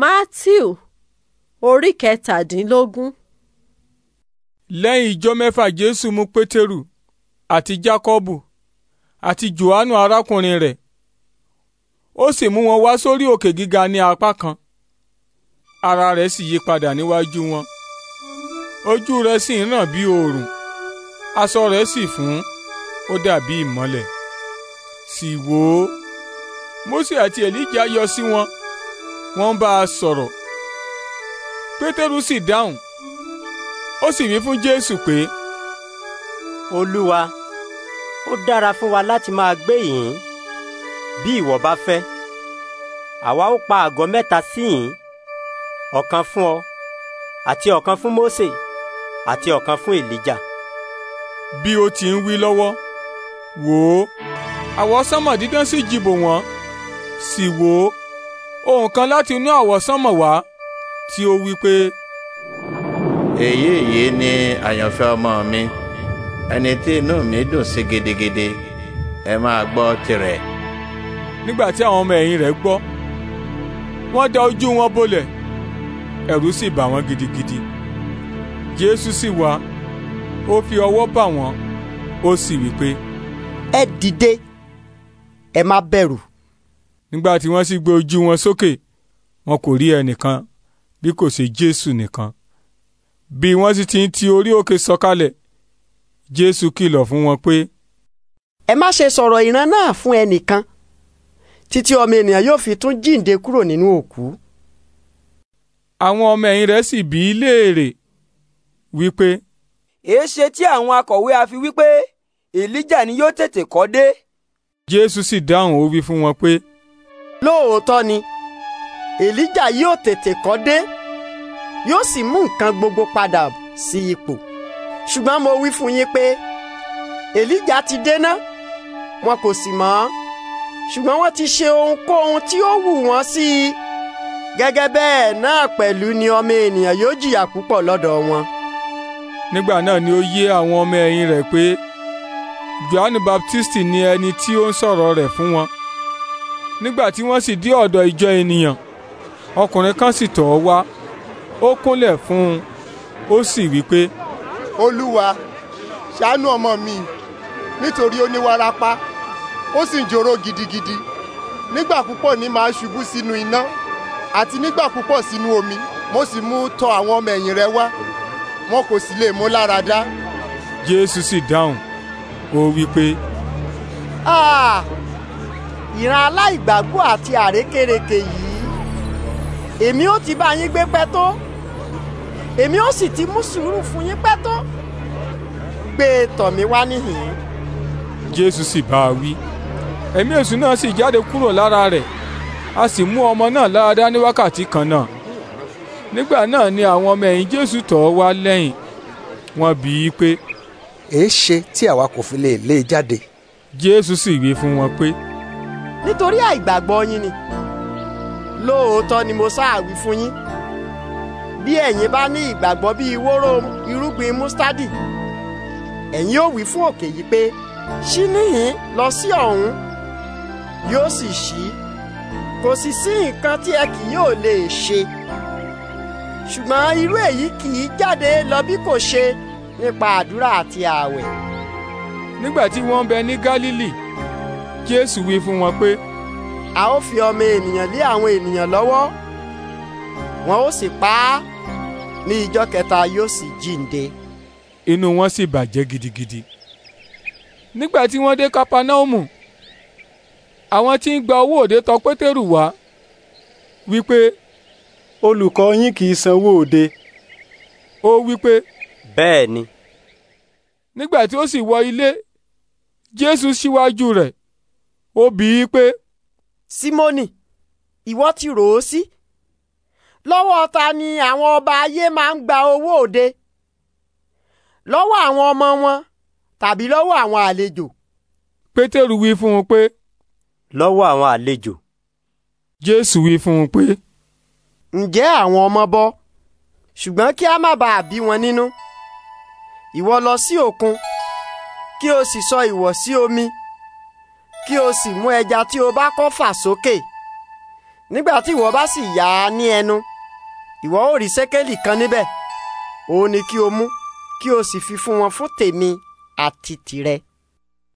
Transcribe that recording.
Mátíù orí kẹtàdínlógún. Lẹ́yìn ijọ́ mẹ́fà Jésù mú Pétérù àti Jákọ́bù àti Jòhánù arákùnrin rẹ̀ ó sì mú wọn wá sórí òkè gíga ní apá kan ara rẹ̀ sì yí padà níwájú wọn ojú rẹ̀ sì ń ràn bí oòrùn aṣọ rẹ̀ sì fún ó dàbí ìmọ́lẹ̀ sì wò ó Mósè àti Èlíjà yọ sí wọn. Si wọ́n bá a sọ̀rọ̀ pétérù sì dáhùn ó sì wí fún jésù pé. olúwa ó dára fún wa láti máa gbé yìnyín bí ìwọ bá fẹ́ àwa ó pa àgọ́ mẹ́ta sí yìnyín ọ̀kan fún ọ àti ọ̀kan fún mósè àti ọ̀kan fún èlíjà. bí ó ti ń wí lọ́wọ́ wò ó àwọsánmà dídán sì jìbò wọ́n sì wò ó ohun kan láti inú àwọ̀sánmọ̀ wá tí ó wí pé. èyí èyí ni àyànfẹ́ ọmọ mi ẹni tí inú mi dùn sí gidigidi ẹ máa gbọ́ tirẹ̀. nígbà tí àwọn ọmọ ẹ̀yìn rẹ̀ gbọ́ wọ́n da ojú wọn bolẹ̀ ẹ̀rù sì bà wọ́n gidigidi jésù sì wá ó fi ọwọ́ bà wọ́n ó sì wí pé. ẹ dìde ẹ má bẹ̀rù nígbà tí wọ́n sì gbé ojú wọn sókè wọn kò rí ẹnìkan bí kò ṣe Jésù nìkan bí wọ́n sì ti ń ti orí òkè sọ̀kalẹ̀ Jésù kìlọ̀ fún wọn pé. ẹ má ṣe sọ̀rọ̀ ìran náà fún ẹnìkan títí ọmọ ènìyàn yóò fi tún jíǹde kúrò nínú òkú. àwọn ọmọ ẹ̀yìn rẹ̀ sì bí léèrè wípé. èéṣe tí àwọn akọ̀wé a fi wípé èlíjà ni yóò tètè kọ́ dé. Jésù sì dáhùn ó wí fún wọn pé lóòótọ́ ni èlíjà yóò tètè kọ́ dé yóò sì mú nǹkan gbogbo padà sí ipò ṣùgbọ́n mo wí fún yín pé èlíjà ti dé ná wọn kò sì mọ̀ ọ́ ṣùgbọ́n wọ́n ti ṣe ohunkóhun tí ó wù wọ́n sí i gẹ́gẹ́ bẹ́ẹ̀ náà pẹ̀lú ni ọmọ ènìyàn yóò jìyà púpọ̀ lọ́dọ̀ wọn. nígbà náà ni ó yé àwọn ọmọ ẹ̀yìn rẹ̀ pé Jòhánù Baptisti ni ẹni tí ó ń sọ̀rọ̀ rẹ̀ fún wọn nígbà tí wọ́n sì dé ọ̀dọ̀ ìjọ ènìyàn ọkùnrin kan sì tọ̀ ọ́ wá ó kúnlẹ̀ fún un ó sì wí pé. olúwa ṣàánú ọmọ mi nítorí ó ní wárápá ó sì ń joró gidigidi nígbà púpọ̀ ni màá ṣubú sínú iná àti nígbà púpọ̀ sínú omi mo sì mú tọ̀ àwọn ọmọ ẹ̀yìn rẹ wá wọn kò sì lè mú lára dá. jésù sì dáhùn ó wí pé ìran aláìgbàgbọ́ àti àrékérekè yìí èmi ó ti bá yín gbé pẹ́ tó èmi ó sì ti mú sùúrù fún yín pẹ́ tó gbé e tọ̀ mí wá níhìn. jésù sì bá a wí ẹ̀mí èṣù náà sì jáde kúrò lára rẹ̀ a sì mú ọmọ náà láradá ní wákàtí kan náà nígbà náà ni àwọn ọmọ ẹ̀yìn jésù tọ̀ ọ́ wá lẹ́yìn wọ́n bi í pé. èé ṣe tí àwa kò fi lè lé e jáde. jésù sì wí fún wọn pé nítorí àìgbàgbọ́ yín ni lóòótọ́ ni mo sáàwí fún yín bí ẹ̀yin bá ní ìgbàgbọ́ bí ìwóró irúgbìn mustadi ẹ̀yin ó wí fún òkè yìí pé ṣí níhìn lọ sí ọ̀hún yóò sì ṣí kò sì sí nǹkan tí ẹ kì yóò lè ṣe ṣùgbọ́n irú èyí kì í jáde lọ bí kò ṣe nípa àdúrà àti ààwẹ̀. nígbà tí wọ́n ń bẹ ní Gálílì jésù wí fún wọn pé. a ó fi ọmọ ènìyàn lé àwọn ènìyàn lọ́wọ́ wọn ó sì pa á ní ìjọ́ kẹta yóò sì jíǹde. inú wọn sì bàjẹ́ gidigidi. nígbà tí wọ́n dé kapanaumu àwọn tí ń gba owó òde tọ pétérù wá wípé. olùkọ́ yín kì í sanwó òde. ó wípé. bẹ́ẹ̀ ni. nígbà tí ó sì wọ ilé jésù síwájú rẹ̀ ó bi í pé. Símónì ìwọ ti rò ó sí lọ́wọ́ ta ni àwọn ọba ayé máa ń gba owó òde lọ́wọ́ àwọn ọmọ wọn tàbí lọ́wọ́ àwọn àlejò. Pétérù wí fún un pé. lọ́wọ́ àwọn àlejò. Jésù wí fún un pé. ǹjẹ́ àwọn ọmọ bọ́ ṣùgbọ́n kí a má bàa bí wọn nínú ìwọ lọ sí òkun kí o sì sọ ìwọ̀ sí omi. Si kí o sì mú ẹja tí o bá kọ́ fà sókè nígbà tí ìwọ bá sì yà á ní ẹnu ìwọ ó rí sékélì kan níbẹ̀ òun ni kí o mú kí o sì fi fún wọn fún tèmi àti tìrẹ.